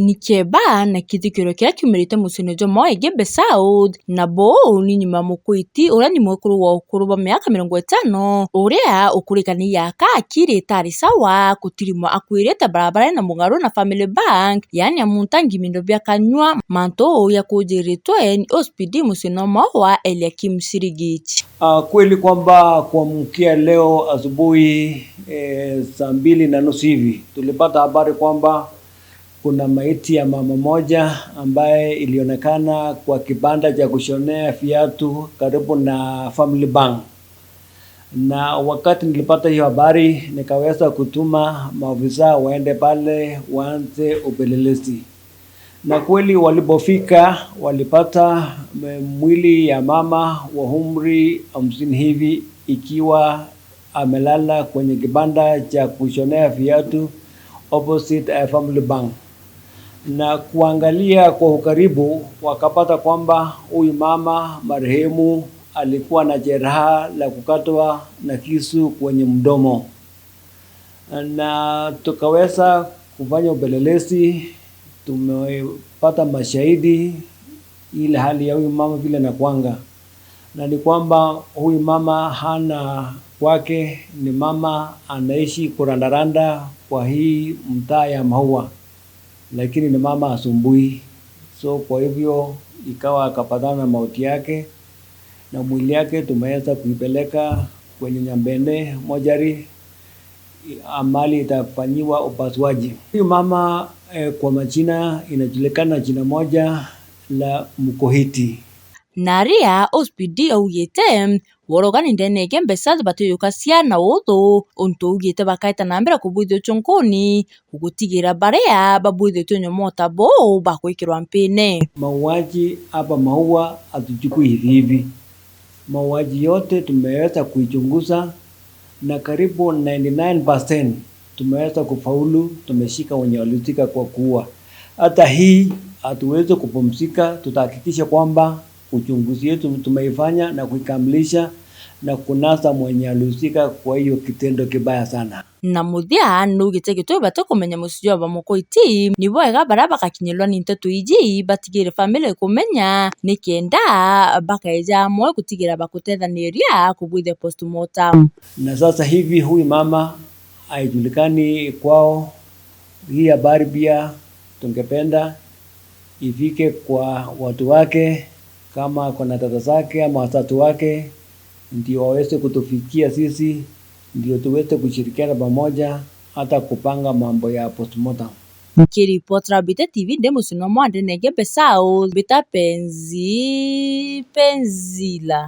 na kĩthĩkĩro kĩrĩa kĩumĩrĩte mũciĩ-inĩ Jomo Aigĩmbe South na Bũũ ni nyuma Mũkuĩti ũrĩa ni mũkũrũ wa ũkũrũ wa mĩaka mĩrongo ĩtano ũrĩa ũkũrĩkani ya sawa taarisawa kũtirima akuĩrĩte barabara na mũgarũ na Family Bank yaani amutangi vindo vya kanywa manto ya kũnjiritwe ni OSPD mũciĩ-inĩ wa Eliakim Sirigit. Uh, kweli kwamba kuamkia leo asubuhi eh, saa mbili na nusu hivi tulipata habari kwamba kuna maiti ya mama moja ambaye ilionekana kwa kibanda cha kushonea viatu karibu na Family Bank. Na wakati nilipata hiyo habari, nikaweza kutuma maafisa waende pale waanze upelelezi, na kweli walipofika walipata eh, mwili ya mama wa umri hamsini hivi ikiwa amelala kwenye kibanda cha kushonea viatu opposite eh, Family Bank na kuangalia kwa ukaribu, wakapata kwamba huyu mama marehemu alikuwa na jeraha la kukatwa na kisu kwenye mdomo, na tukaweza kufanya upelelezi. Tumepata mashahidi ile hali ya huyu mama vile nakwanga, na ni kwamba huyu mama hana kwake, ni mama anaishi kurandaranda kwa hii mtaa ya Maua lakini ni mama asumbui, so kwa hivyo ikawa akapatana na mauti yake, na mwili yake tumeweza kuipeleka kwenye Nyambene mojari amali ah, itafanyiwa upasuaji. Huyu mama eh, kwa majina inajulikana jina moja la Mkohiti. Naria ospidi ouyete woroganindene kembesa yukasia na uthu untu ugite bakaita na mbere kubwithio chunkuni gutigira baria babwithitwe mota bo bakwikirwa mpine mauaji hapa maua hatuchukui hivi hivi mauaji yote tumeweza kuichunguza na karibu 99% tumeweza kufaulu tumeshika wenye walihusika kwa kuwa hata hii hatuwezi kupumzika tutahakikisha kwamba uchunguzi yetu tumeifanya na kuikamilisha na kunasa mwenye alihusika kwa hiyo kitendo kibaya sana na muthia nuugite gitui batikumenya mucii jwa bamukuiti ni bwega baria bakakinyirwa ni nteto iji batigire family kumenya ni kenda bakaeja amwe gutigira bakutethaniria kubwithia postmortem na sasa hivi huyu mama haijulikani kwao hii habari pia tungependa ifike kwa watu wake kama kuna tata zake ama watatu wake ndio waweze kutufikia sisi, ndio tuweze kushirikiana pamoja hata kupanga mambo ya postmortem. Nikiripotera Bite TV ndi musino mwa Bita penzi penzila